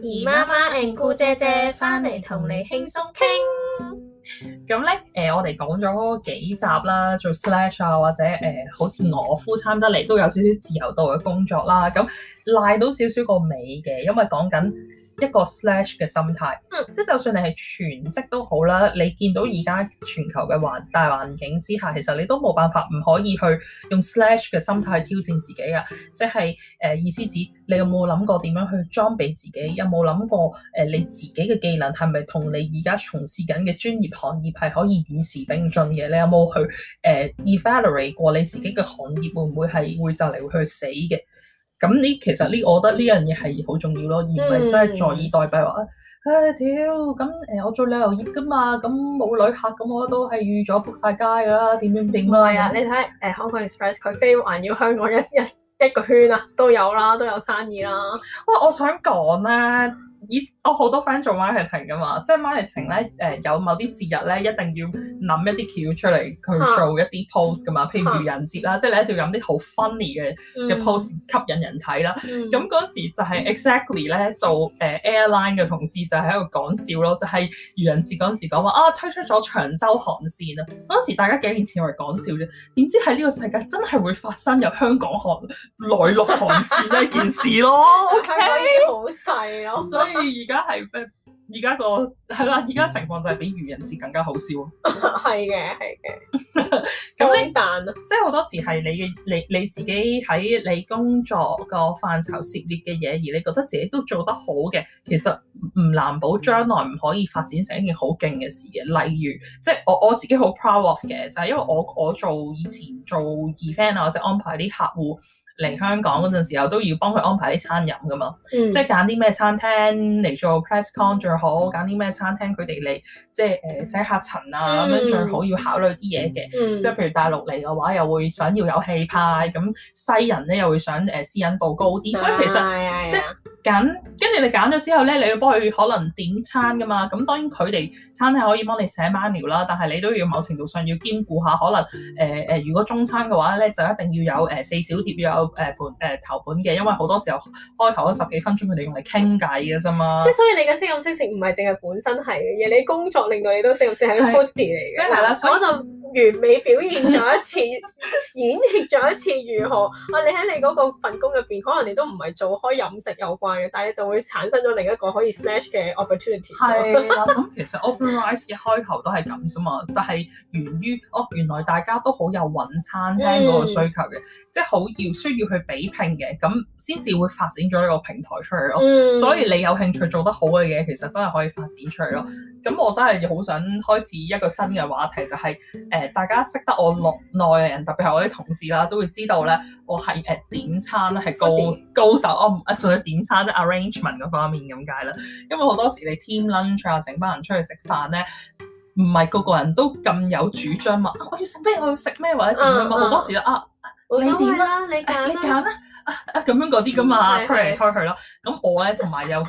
姨媽媽、姑姐姐，翻嚟同你輕鬆傾，咁咧誒，我哋講咗幾集啦，做 slash 啊，或者誒，好似我夫參得嚟都有少少自由度嘅工作啦，咁賴到少少個尾嘅，因為講緊，一個 slash 嘅心態，即係就算你係全職都好啦，你見到而家全球嘅環大環境之下，其實你都冇辦法唔可以去用 slash 嘅心態去挑戰自己㗎。即係誒、呃、意思指，你有冇諗過點樣去裝備自己？有冇諗過誒、呃、你自己嘅技能係咪同你而家從事緊嘅專業行業係可以與時並進嘅？你有冇去誒、呃、evaluate 過你自己嘅行業會唔會係會就嚟會去死嘅？咁呢，其實呢，我覺得呢樣嘢係好重要咯，而唔係真係坐以待斃話、嗯哎、啊，唉，屌，咁誒，我做旅遊業噶嘛，咁冇旅客，咁我都係預咗仆晒街噶啦，點點點。係啊、嗯，嗯嗯、你睇誒、呃《香港 Express》，佢飛環繞香港一一一個圈啊，都有啦，都有生意啦。喂、嗯，我想講咧、啊、～以我好多 friend 做 marketing 噶嘛，即係 marketing 咧，誒、呃、有某啲節日咧，一定要諗一啲橋出嚟去做一啲 post 噶嘛，譬如愚人節啦，啊、即係你一定要搵啲好 funny 嘅嘅 post 吸引人睇啦。咁嗰、嗯嗯嗯、時就係 exactly 咧，做誒、呃、airline 嘅同事就係喺度講笑咯，就係、是、愚人節陣時講話啊推出咗長洲航線啊，陣時大家幾年前以為講笑啫，點知喺呢個世界真係會發生有香港航內陸航線呢一件事咯。我睇嗰啲好細啊。 而家係咩？而家 個係啦，而家情況就係比愚人節更加好笑。係嘅， 係嘅。咁 你但， 即係好多時係你嘅你你自己喺你工作個範疇涉獵嘅嘢，而你覺得自己都做得好嘅，其實唔難保將來唔可以發展成一件好勁嘅事嘅。例如，即係我我自己好 proud of 嘅，就係、是、因為我我做以前做 event 啊，或者安排啲客戶。嚟香港嗰陣時候都要幫佢安排啲餐飲㗎嘛，嗯、即係揀啲咩餐廳嚟做 press con 最好，揀啲咩餐廳佢哋嚟即係誒寫客層啊咁樣、嗯、最好要考慮啲嘢嘅，嗯嗯、即係譬如大陸嚟嘅話又會想要有氣派，咁、嗯、西人咧又會想誒、呃、私隱度高啲，對所以其實即係。揀，跟住你揀咗之後咧，你要幫佢可能點餐㗎嘛。咁當然佢哋餐廳可以幫你寫 menu 啦，但係你都要某程度上要兼顧下。可能誒誒、呃呃，如果中餐嘅話咧，就一定要有誒、呃、四小碟，要有誒、呃、盤誒、呃、頭盤嘅，因為好多時候開頭嗰十幾分鐘佢哋用嚟傾偈嘅啫嘛。即係所以你嘅識飲識食唔係淨係本身係嘅嘢，你工作令到你都識飲識食嘅 foodie 嚟嘅。即係啦，我所以就。完美表現咗一次， 演繹咗一次，如何啊？你喺你嗰個份工入邊，可能你都唔係做開飲食有關嘅，但係你就會產生咗另一個可以 snatch 嘅 opportunity。係、嗯、啊，咁其實 OpenRice 嘅開頭都係咁啫嘛，就係源於哦，原來大家都好有揾餐廳嗰個需求嘅，即係好要需要去比拼嘅，咁先至會發展咗呢個平台出嚟咯。所以你有興趣做得好嘅嘢，其實真係可以發展出嚟咯。咁、嗯嗯、我真係好想開始一個新嘅話題，就係、是、誒。嗯誒，大家識得我目內內嘅人，特別係我啲同事啦，都會知道咧，我係誒點餐咧係高、啊、高手，我唔純粹點餐啫，arrangement 嗰方面咁解啦。因為好多時你 team lunch 啊，成班人出去食飯咧，唔係個個人都咁有主張嘛、啊，我要食咩，我要食咩，或者點樣嘛，好、uh, uh, 多時都啊，啊，啊，你想點啊？你揀啦！咁、啊、樣嗰啲噶嘛，是是推嚟推去咯。咁我咧，同埋又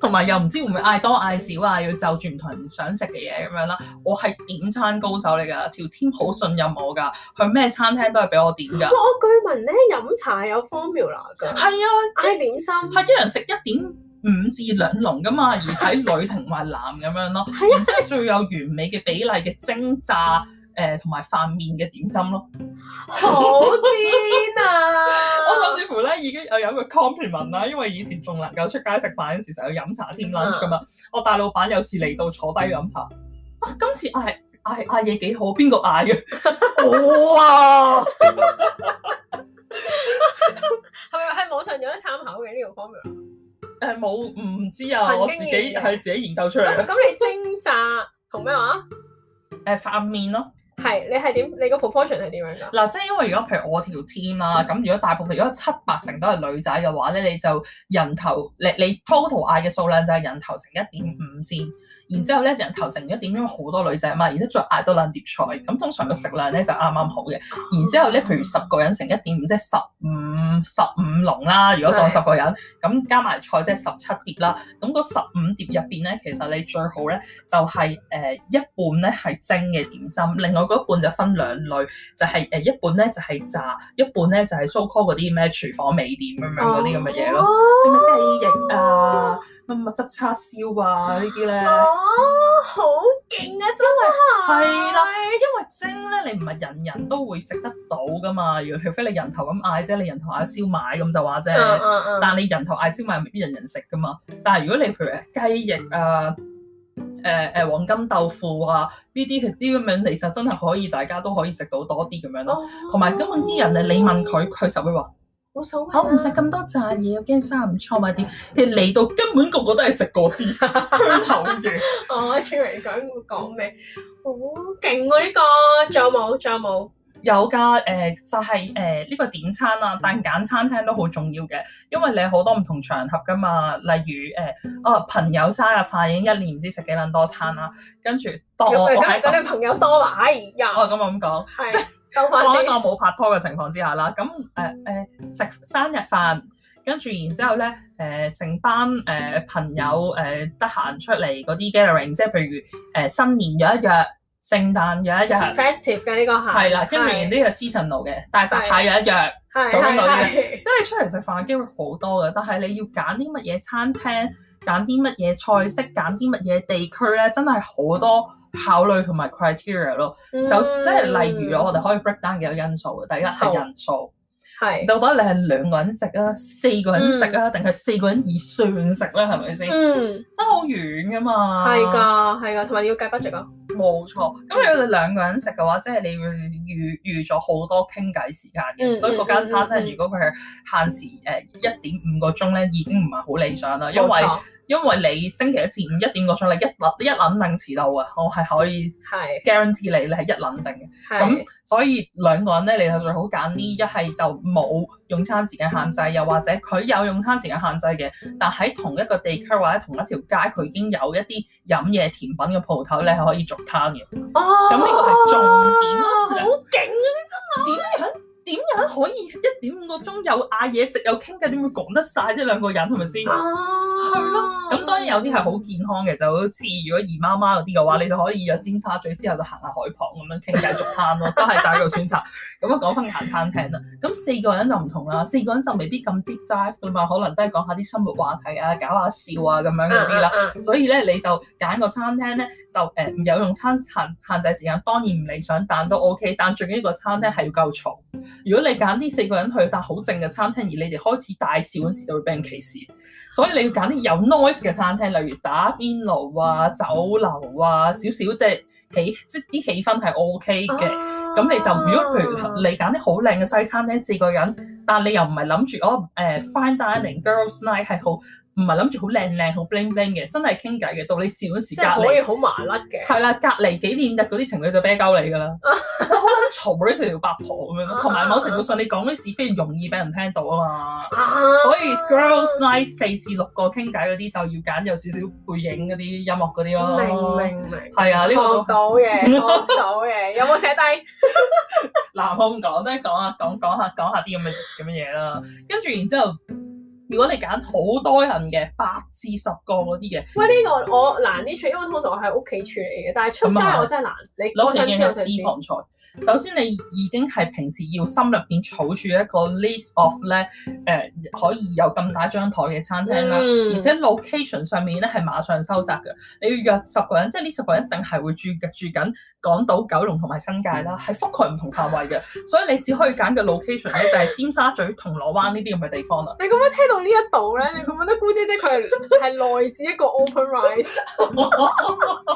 同埋又唔知會唔會嗌多嗌少啊，要就住唔同人想食嘅嘢咁樣啦。我係點餐高手嚟噶，條 team 好信任我噶，去咩餐廳都係俾我點噶。我據聞咧飲茶有 formula 噶，係啊，係點心係一人食一點五至兩籠噶嘛，而睇女同埋男咁樣咯，即係 最有完美嘅比例嘅蒸炸。 誒同埋飯麵嘅點心咯，好癲啊！我甚至乎咧已經有有個 compliment 啦，因為以前仲能夠出街食飯嗰時成日去飲茶添啦，咁我大老闆有時嚟到坐低飲茶，今次嗌嗌嗌嘢幾好，邊個嗌嘅？好啊，係咪喺網上有得參考嘅呢條 formula？誒冇唔知啊，我自己係自己研究出嚟。咁你蒸炸同咩話？誒飯麵咯。係，你係點？你個 proportion 係點樣㗎？嗱、啊，即係因為如果譬如我條 team 啦、啊，咁 如果大部分如果七八成都係女仔嘅話咧，你就人頭你你 total 嗌嘅數量就係人頭乘一點五先。然之後咧，人頭乘一點五好多女仔嘛，而且再嗌多兩碟菜，咁通常個食量咧就啱啱好嘅。然之後咧，譬如十個人乘一點五，即係十五十五籠啦。如果當十個人，咁 加埋菜即係十七碟啦。咁個十五碟入邊咧，其實你最好咧就係、是、誒、呃、一半咧係蒸嘅點心，另外一半就分兩類，就係、是、誒一半咧就係炸，一半咧就係 so call 嗰啲咩廚房美點咁樣嗰啲咁嘅嘢咯，即係、oh, 雞翼啊，乜蜜汁叉燒啊呢啲咧，哦、oh, 好勁啊，真係係啦，因為蒸咧你唔係人人都會食得到噶嘛，如除非你人頭咁嗌啫，你人頭嗌燒賣咁就話啫，oh, uh, uh. 但係你人頭嗌燒賣未必人人食噶嘛，但係如果你譬如雞翼啊。誒誒黃金豆腐啊，呢啲啲咁樣嚟就真係可以，大家都可以食到多啲咁樣咯。同埋根本啲人誒，你問佢，佢實會話冇所謂，我唔食咁多炸嘢，我驚生唔錯埋啲。點 其實嚟到根本、 哦啊這個個都係食嗰啲，唞住。我阿翠玲講講咩？好勁喎！呢個仲有冇？仲有冇？有㗎，誒、呃、就係誒呢個點餐啊，但係揀餐廳都好重要嘅，因為你好多唔同場合㗎嘛。例如誒，啊、呃、朋友生日飯已經一年唔知食幾撚多餐啦，跟住多我係嗰啲朋友多埋，又、哎哦、我咁咁講，即係兜翻當我冇拍拖嘅情況之下啦，咁誒誒食生日飯，跟住然之後咧誒成班誒、呃、朋友誒、呃、得閒出嚟嗰啲 gathering，即係譬如誒、呃、新年有一日。聖誕有一樣 festive 嘅呢個係，係啦，跟住然之後 seasonal 嘅，但係集排有一樣，係即係你出嚟食飯機會好多嘅，但係你要揀啲乜嘢餐廳，揀啲乜嘢菜式，揀啲乜嘢地區咧，真係好多考慮同埋 criteria 咯。有即係例如我哋可以 break down 幾個因素嘅，第一係人數，係到底你係兩個人食啊，四個人食啊，定係四個人以上食咧，係咪先？嗯，真係好遠噶嘛。係噶係噶，同埋你要計 budget 啊。冇錯，咁如果你兩個人食嘅話，即係你會預預咗好多傾偈時間嘅，嗯、所以嗰間餐廳、嗯嗯嗯、如果佢係限時誒一點五個鐘咧，已經唔係好理想啦，因為錯因為你星期一至五一點個鐘，你一撚一撚定遲到啊，我係可以 guarantee 你你係一撚定嘅，咁是。那所以兩個人咧，你就最好揀呢，一係就冇用餐時間限制，又或者佢有用餐時間限制嘅，但喺同一個地區或者同一條街，佢已經有一啲飲嘢甜品嘅鋪頭咧，係可以續攤嘅。哦，咁呢個係重點。哦可以一點五個鐘又嗌嘢食又傾偈，點會講得晒啫？兩個人係咪先？係咯，咁當然有啲係好健康嘅，就好似如果姨媽媽嗰啲嘅話，你就可以約尖沙咀之後就行下海旁，咁樣傾偈續攤咯，都係第一個選擇。咁啊，講翻行餐廳啦，咁四個人就唔同啦，四個人就未必咁 deep dive 㗎嘛，可能都係講下啲生活話題啊，搞下笑啊咁樣嗰啲啦。所以咧，你就揀個餐廳咧，就誒唔、呃、有用餐限限制時間，當然唔理想，但都 OK。但最緊要個餐廳係要夠嘈。如果你～.揀啲四個人去，但好正嘅餐廳，而你哋開始大笑嗰時就會俾人歧視，所以你要揀啲有 noise 嘅餐廳，例如打邊爐啊、酒樓啊，少少即係起，即啲氣氛係 OK 嘅。咁、啊、你就如果譬如你揀啲好靚嘅西餐廳四個人，但你又唔係諗住哦，誒 fine dining girls night 係好。唔係諗住好靚靚好 bling bling 嘅，真係傾偈嘅，到你笑嗰時隔離，即係可以好麻甩嘅。係啦，隔離紀念日嗰啲情侶就啤鳩你噶啦。可能嘈到成條八婆咁樣，同埋某程度上你講嗰啲事非常容易俾人聽到啊嘛。所以 girls night 四至六個傾偈嗰啲就要揀有少少背景嗰啲音樂嗰啲咯。明明明。係啊，呢個都學到嘅，學到嘅。有冇寫低？嗱，男方講真係講下講講下講下啲咁嘅咁嘅嘢啦，跟住然之後。如果你揀好多人嘅，八至十個嗰啲嘅，喂，呢個我難啲處理，因為通常我喺屋企處理嘅，但係出街我真係難。是是你攞上次私房菜。首先你已經係平時要心入邊儲住一個 list of 咧，誒可以有咁大張台嘅餐廳啦，mm. 而且 location 上面咧係馬上收窄嘅。你要約十個人，即係呢十個人一定係會住住緊港島、九龍同埋新界啦，係覆蓋唔同範圍嘅，所以你只可以揀嘅 location 咧就係，是，尖沙咀、銅鑼灣呢啲咁嘅地方啦，mm. 你咁樣聽到呢一度咧，你覺得姑姐姐佢係係內置一個 open rice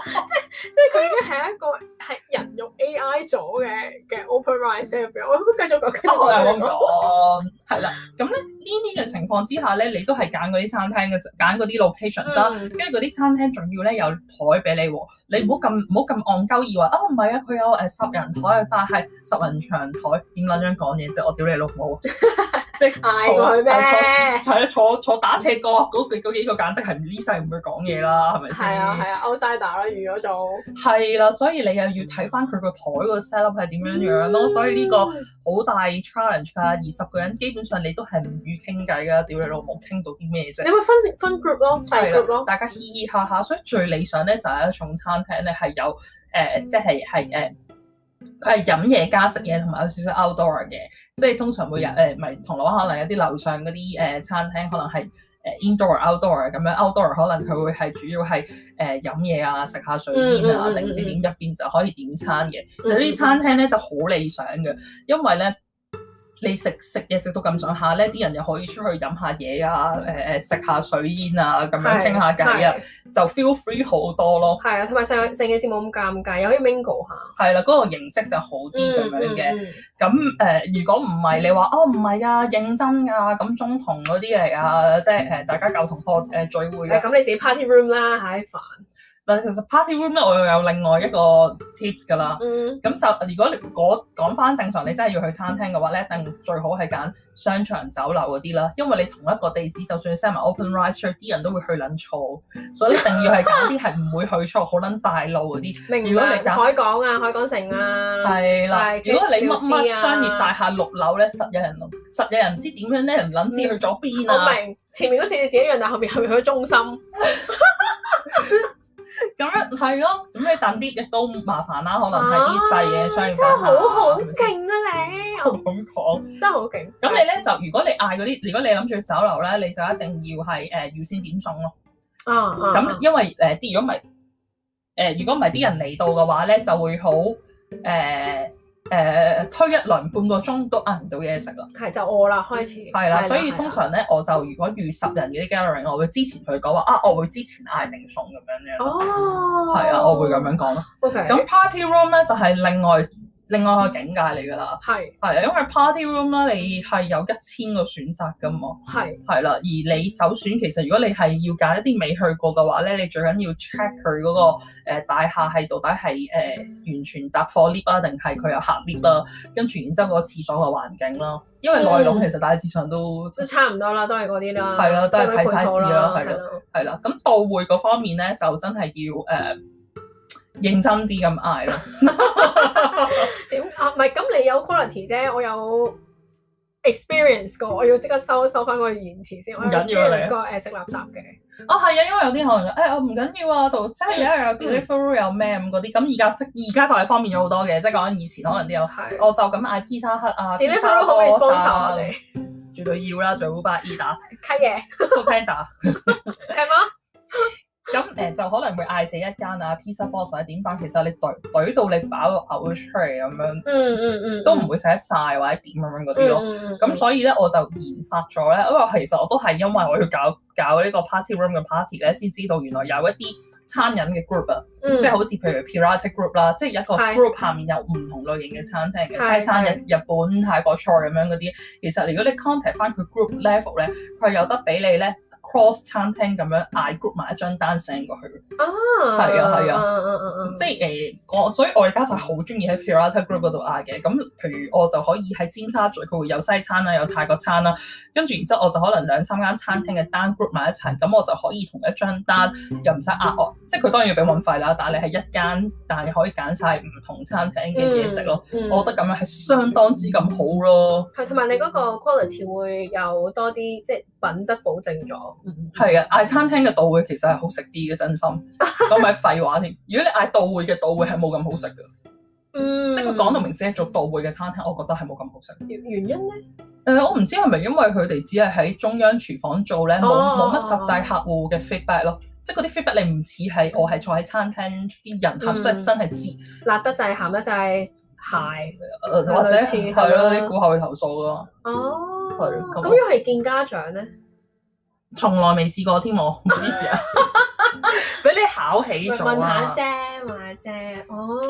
即係即係佢已經係一個係人肉 AI 咗。嘅嘅 open rice 入邊我繼續講繼續講，係啦、oh, 說，咁咧呢啲嘅情況之下咧，你都係揀嗰啲餐廳嘅，揀嗰啲 location 啦，跟住嗰啲餐廳仲要咧有台俾你喎，你唔好咁唔好咁戇鳩以為啊，唔係啊，佢有誒十人台，但係十人長台點兩張講嘢啫，我屌你老母！ 即係挨過咩？係咯，坐坐，坐，坐打斜角嗰幾嗰個簡直係唔 list 唔會講嘢啦，係咪先？係啊係啊，outsider 啦，如果做係啦、啊，所以你又要睇翻佢個台個 set up 係點樣樣咯，哦、所以呢個好大 challenge 㗎。二十個人基本上你都係唔與傾偈㗎，屌你老母，傾到啲咩啫？你會分分 group 咯，細 group 咯、啊，大家嘻嘻哈哈。所以最理想咧就係一種餐廳咧係有誒即係係誒。呃即係係佢係飲嘢加食嘢，同埋有少少 outdoor 嘅，即係通常每日誒，唔係銅鑼灣，哎、可能有啲樓上嗰啲誒餐廳，可能係誒、呃、indoor outdoor 咁樣，outdoor 可能佢會係主要係誒飲嘢啊，食下水煙啊，定唔知點入邊就可以點餐嘅，嗯嗯、有啲餐廳咧就好理想嘅，因為咧。你食食嘢食到咁上下咧，啲人又可以出去飲下嘢啊，誒誒食下水煙啊，咁樣傾下偈啊，就 feel free 好多咯。係啊，同埋成成件事冇咁尷尬，有啲 mingle 下。係啦，嗰、嗰個形式就好啲咁樣嘅。咁誒、嗯嗯嗯呃，如果唔係你話哦唔係啊，認真啊，咁中同嗰啲嚟啊，即係誒、呃、大家舊同學誒聚會。咁、呃、你自己 party room 啦，嗨煩。但其實 party room 咧，我又有另外一個 tips 㗎啦。咁、嗯、就如果你講翻正常，你真係要去餐廳嘅話咧，一定最好係揀商場酒樓嗰啲啦。因為你同一個地址，就算 set 埋 OpenRice，啲、嗯、人都會去撚錯，所以一定要係揀啲係唔會去錯、好撚 大路嗰啲。明白如果你揀海港啊、海港城啊，係啦，如果你乜乜商業大廈六樓咧，實有人實有人唔知點樣咧，唔撚、嗯、知，知去咗邊啊、嗯！我明前面好似你自己一樣，但後面後面去咗中心。 係咯，咁你等啲亦都麻煩啦，可能係啲細嘅商業真係好好勁啊！是是你同咁講，真係好勁。咁你咧就，如果你嗌嗰啲，如果你諗住酒樓咧，你就一定要係誒預先點餸咯。啊，咁、啊、因為誒啲如果唔係誒，如果唔係啲人嚟到嘅話咧，就會好誒。呃 誒、呃、推一輪半個鐘都嗌唔到嘢食啦，係就餓啦開始。係啦， 所以通常咧， 我就如果預十人嘅啲 gathering，我會之前佢講話啊，我會之前嗌定餸咁樣樣。哦，係啊，我會咁樣講咯。OK，咁 party room 咧就係、是、另外。另外個境界嚟㗎啦，係係是，因為 party room 啦，你係有一千個選擇㗎嘛，係係啦，而你首選其實如果你係要揀一啲未去過嘅話咧，你最緊要 check 佢嗰個、呃、大廈係到底係誒、呃、完全搭貨 lift 啊，定係佢有客 lift 啊，跟住然之後個廁所嘅環境啦，因為內籠其實大致上都、嗯、都差唔多啦，都係嗰啲啦，係啦，都係睇 size 啦，係啦，係啦，咁到會嗰方面咧就真係要誒。的認真啲咁嗌咯，點啊？唔係咁你有 quality 啫，我有 experience 過，我要即刻收一收翻個言辭先。唔緊要啊，個誒識垃圾嘅。哦，係啊，因為有啲可能誒，我唔緊要啊，度即係而家有 delivery 有咩咁嗰啲，咁而家即而家佢係方便咗好多嘅，即係講緊以前可能都有，我就咁嗌 pizza 黑啊，delivery 好 responsible 絕對要啦，最好百二打，雞嘢，foodpanda，係 嘛？ 咁誒就可能會嗌死一間啊，pizza box 或者點，但其實你懟懟到你飽個牛脷咁樣，嗯嗯嗯，都唔會食得曬或者點咁樣嗰啲咯。咁所以咧，我就研發咗咧，因為其實我都係因為我要搞搞呢個 party room 嘅 party 咧，先知道原來有一啲餐飲嘅 group 啊，即係好似譬如 piratic group 啦，即係一個 group 下面有唔同類型嘅餐廳嘅西餐、日日本、泰國菜咁樣嗰啲。其實如果你 contact 翻佢 group level 咧，佢有得俾你咧。Cross 餐廳咁樣嗌 group 埋一張單 send 過去，啊，係啊係啊，啊嗯嗯、即係誒，我、呃、所以我而家就好中意喺 Pirata Group 嗰度嗌嘅。咁譬如我就可以喺尖沙咀，佢會有西餐啦、啊，有泰國餐啦、啊，跟住然之後我就可能兩三間餐廳嘅單 group 埋一齊，咁我就可以同一張單又唔使嗌我，嗯、即係佢當然要俾運費啦，但係你係一間，但係可以揀晒唔同餐廳嘅嘢食咯。嗯嗯、我覺得咁樣係相當之咁好咯。係，同埋你嗰個 quality 會有多啲，即係。品質保證咗，係、嗯、啊！嗌餐廳嘅道會其實係好食啲嘅，真心，講埋廢話添。 如果你嗌道會嘅道會係冇咁好食嘅，嗯，即係佢講到明字係做道會嘅餐廳，我覺得係冇咁好食。原因咧？誒、呃，我唔知係咪因為佢哋只係喺中央廚房做咧，冇冇乜實際客戶嘅 feedback 咯。哦、即係嗰啲 feedback 你唔似係我係坐喺餐廳啲人客，嗯、人真係真係知辣得滯，鹹得滯。係或者係咯啲顧客會投訴咯。哦，係咁樣係見家長咧，從來未試過添喎。唔好意思啊，俾你考起咗啊。問下啫，問下啫。哦，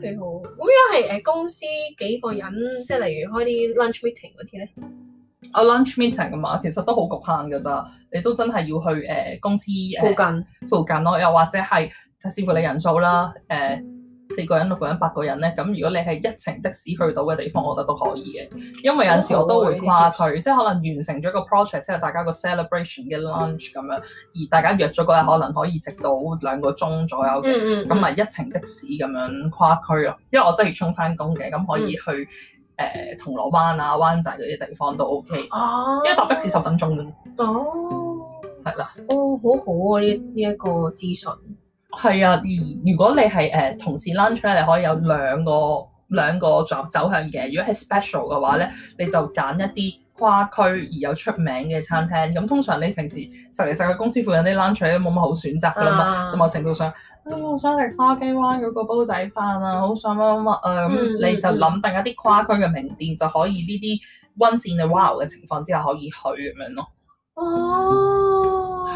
幾好。咁樣係誒公司幾個人，即係例如開啲 lunch meeting 嗰啲咧。啊，lunch meeting 㗎嘛，其實都好局限噶咋。你都真係要去誒、呃、公司、呃、附近附近咯，又或者係睇視乎你人數啦，誒、呃。嗯嗯四個人、六個人、八個人咧，咁如果你係一程的士去到嘅地方，我覺得都可以嘅，因為有陣時我都會跨區，即係可能完成咗個 project 之後，即大家個 celebration 嘅 lunch 咁樣，而大家約咗嗰日可能可以食到兩個鐘左右嘅，咁咪、嗯嗯嗯、一程的士咁樣跨區咯。因為我真係要衝翻工嘅，咁可以去誒、呃、銅鑼灣啊、灣仔嗰啲地方都 OK，啊。哦，因為搭的士十分鐘啫。哦、啊，係啦。哦，好好啊！呢呢一個資訊。係啊，而如果你係誒、呃、同事 lunch 咧，你可以有兩個兩個作走向嘅。如果係 special 嘅話咧，你就揀一啲跨區而有出名嘅餐廳。咁通常你平時實嚟實去公司附近啲 lunch 咧都冇乜好選擇㗎喇嘛。咁某、uh, 程度上，我想食筲箕灣嗰個煲仔飯啊，好想乜乜乜誒，嗯嗯、你就諗定一啲跨區嘅名店就可以呢啲 once in a while 嘅情況之下可以去咁樣咯。哦。Uh,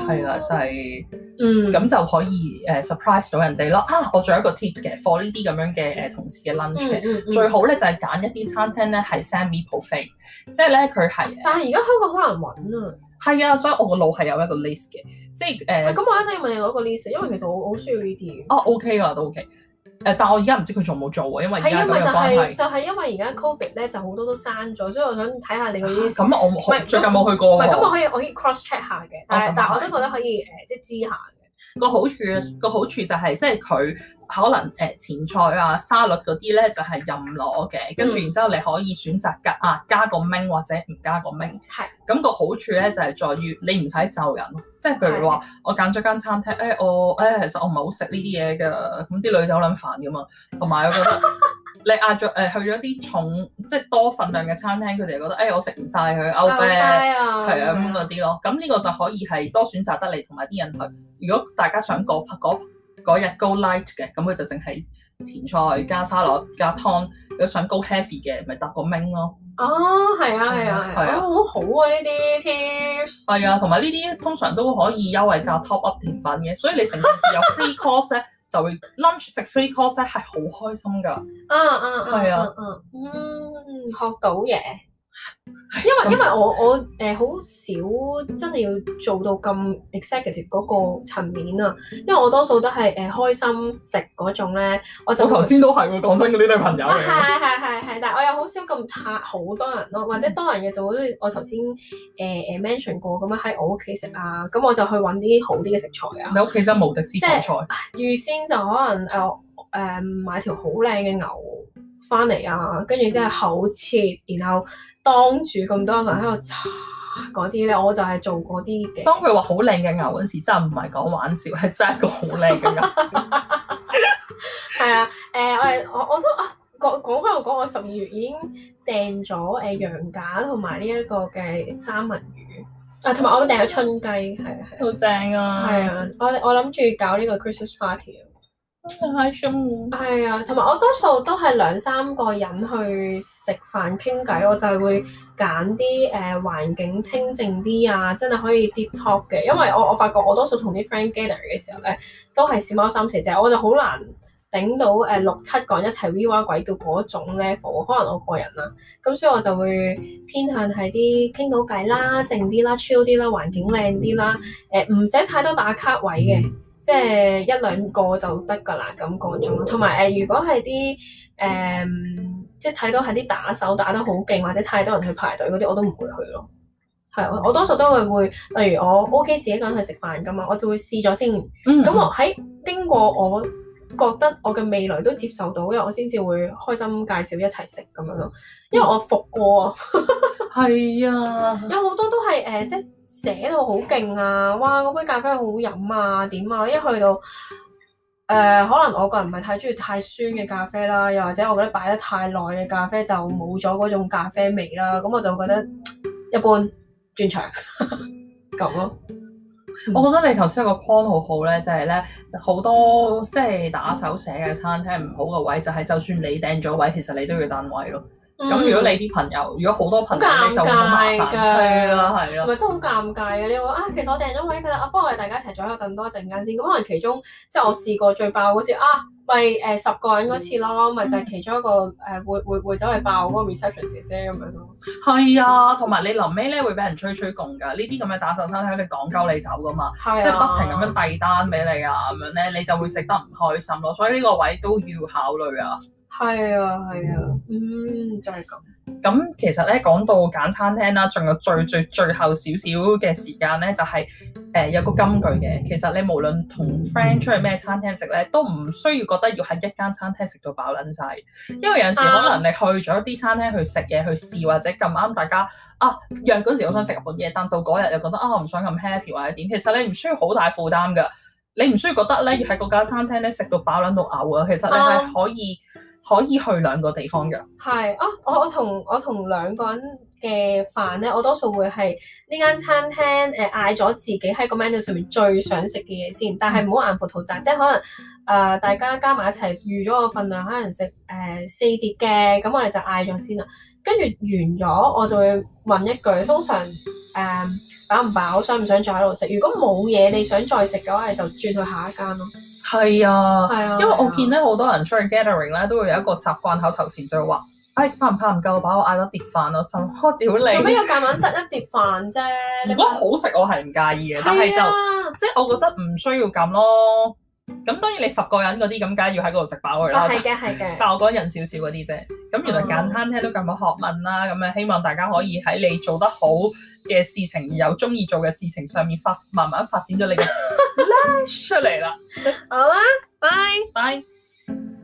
係啊， 就係、是，嗯，咁就可以誒 surprise、呃、到人哋咯。啊，我仲有一個 tips 嘅，for 呢啲咁樣嘅誒、呃、同事嘅 lunch 嘅， 最好咧就係、是、揀一啲餐廳咧係 semi-profane，即係咧佢係。但係而家香港好難揾啊。係啊，所以我個腦係有一個 list 嘅，即係誒。咁、呃、 我一陣要問你攞個 list，因為其實我好需要呢啲。哦，OK 啊，都、啊、OK。啊啊誒，但係我而家唔知佢仲冇做喎，因為係因為就係、是、就係、是、因為而家 covid 咧，就好多都刪咗，所以我想睇下你個意思。咁啊，我唔是最近冇去過，唔係咁我可以我可以 cross check 下嘅，哦、但係但係是、嗯、我都覺得可以誒、呃、即係知下。個好處個好處就係、是、即係佢可能誒、呃、前菜啊沙律嗰啲咧就係、是、任攞嘅，跟住然之後你可以選擇加啊加個名，或者唔加個名。e 咁是、嗯、個好處咧就係在於你唔使就人，即係譬如話是我揀咗間餐廳，誒、哎、我誒、哎、其實我唔係好食呢啲嘢㗎，咁啲女仔好撚煩㗎嘛，同埋我覺得。 你壓咗誒去咗啲重即係多份量嘅餐廳，佢哋覺得誒、哎、我食唔晒佢歐，歐啊！」係啊咁嗰啲咯。咁呢個就可以係多選擇得你同埋啲人去。如果大家想嗰嗰嗰日 go light 嘅，咁佢就淨係前菜加沙律加湯。如果想 go heavy 嘅，咪搭個 main 咯。哦，係啊，係啊，係啊，好、啊啊哦、好啊呢啲 tips。係啊，同埋呢啲通常都可以優惠價 top up 甜品嘅，所以你成件事有 free course 咧。就會 lunch 食 free course 咧係好開心噶。啊啊，係啊，嗯，嗯，學到嘢。因為因為我我誒好、呃、少真係要做到咁 executive 嗰個層面啊，因為我多數都係誒、呃、開心食嗰種咧，我就頭先都係喎，講真嗰啲女朋友係係係係，但係我又好少咁太好多人咯，或者多人嘅就我頭先誒誒 mention 過咁樣喺我屋企食啊，咁我就去搵啲好啲嘅食材啊。你屋企真係無敵私房菜，預即、呃、先就可能誒誒、呃呃、買條好靚嘅牛。翻嚟啊，跟住真係厚切，然後當住咁多人喺度擦嗰啲咧，我就係做過啲嘅。當佢話好靚嘅牛嗰時，真係唔係講玩笑，係真係一個好靚嘅牛。係啊，誒、呃，我係我我都啊，講講開又講我十二月已經訂咗誒羊架同埋呢一個嘅三文魚啊，同埋我訂咗春雞，係啊，係好正啊，係啊，啊，我我諗住搞呢個 Christmas party 好開心喎！係 啊，同埋我多數都係兩三個人去食飯傾偈，我就係會揀啲誒環境清靜啲啊，真係可以 deep talk 嘅。因為我我發覺我多數同啲 friend gather 嘅時候咧，都係小貓三隻啫，我就好難頂到誒、呃、六七個人一齊 viva 鬼叫嗰種 level。可能我個人啦、啊，咁所以我就會偏向喺啲傾到偈啦、靜啲啦、chill 啲啦、環境靚啲啦，誒唔使太多打卡位嘅。 即係一兩個就得㗎啦，咁嗰種。同埋誒，如果係啲誒，即係睇到係啲打手打得好勁，或者太多人去排隊嗰啲，我都唔會去咯。係我，我多數都會會，例如我 OK 自己一個人去食飯㗎嘛，我就會試咗先。嗯。咁我喺經過我，覺得我嘅味蕾都接受到，因為我先至會開心介紹一齊食咁樣咯。因為我服過，係 啊，有好多都係誒、呃，即係寫到好勁啊！哇，嗰杯咖啡好飲啊，點啊！一去到誒、呃，可能我個人唔係太中意太酸嘅咖啡啦，又或者我覺得擺得太耐嘅咖啡就冇咗嗰種咖啡味啦，咁我就覺得一般轉。轉場咁咯。我覺得你頭先個 point 好好咧，就係咧好多即係打手寫嘅餐廳唔好嘅位，就係就算你訂咗位，其實你都要等位咯。咁、嗯、如果你啲朋友，如果好多朋友你就都麻煩，係啦係啦，唔係對真係好尷尬嘅。你話啊，其實我訂咗位㗎啦，我我哋大家一齊坐喺度等多一陣間先。咁、嗯嗯、可能其中即係我試過最爆好似啊，咪誒十個人嗰次咯，咪、嗯、就係其中一個誒、呃、會會會走去爆嗰個 reception 姐姐咁樣咯。係、嗯、啊，同埋、嗯、你臨尾咧會俾人吹吹共㗎。呢啲咁嘅打手餐廳，佢哋講求你走㗎嘛，即係、啊、不停咁樣遞單俾你啊咁樣咧，你就會食得唔開心咯。所以呢個位都要考慮啊。係啊，係啊，嗯，就係咁。咁其實咧講到揀餐廳啦，仲有最最最，最後少少嘅時間咧，就係、是、誒、呃、有個金句嘅。其實你無論同 friend 出去咩餐廳食咧，都唔需要覺得要喺一間餐廳食到飽撚晒，因為有陣時可能你去咗啲餐廳去食嘢去試，或者咁啱大家啊約嗰陣時我想食日本嘢，但到嗰日又覺得啊我唔想咁 happy 或者點。其實你唔需要好大負擔噶，你唔需要覺得咧要喺嗰間餐廳咧食到飽撚到嘔啊。其實你係可以。可以去兩個地方㗎。係啊，我我同我同兩個人嘅飯咧，我多數會係呢間餐廳誒嗌咗自己喺個 menu 上面最想食嘅嘢先，但係唔好眼闊肚窄，即係可能誒、呃、大家加埋一齊預咗個份量，可能食誒四碟嘅，咁我哋就嗌咗先啦。跟住完咗，我就會問一句，通常誒飽唔飽，想唔想再喺度食？如果冇嘢你想再食嘅話，你就轉去下一間咯。係啊，啊因為我見咧好、啊、多人出去 gathering 咧，都會有一個習慣口頭禪就係話：，哎，怕唔怕唔夠，把我嗌多碟飯咯，心，我屌你，做咩要夾硬執一碟飯啫？硬硬飯如果好食，我係唔介意嘅，啊、但係就即係、就是、我覺得唔需要咁咯。咁當然你十個人嗰啲咁，梗係要喺嗰度食飽佢啦。係嘅、哦，係嘅。但我講人少少嗰啲啫。咁原來揀餐廳都咁有學問啦。咁樣希望大家可以喺你做得好嘅事情，有中意做嘅事情上面發慢慢發展咗你嘅 l u 出嚟啦。 好啦，拜拜。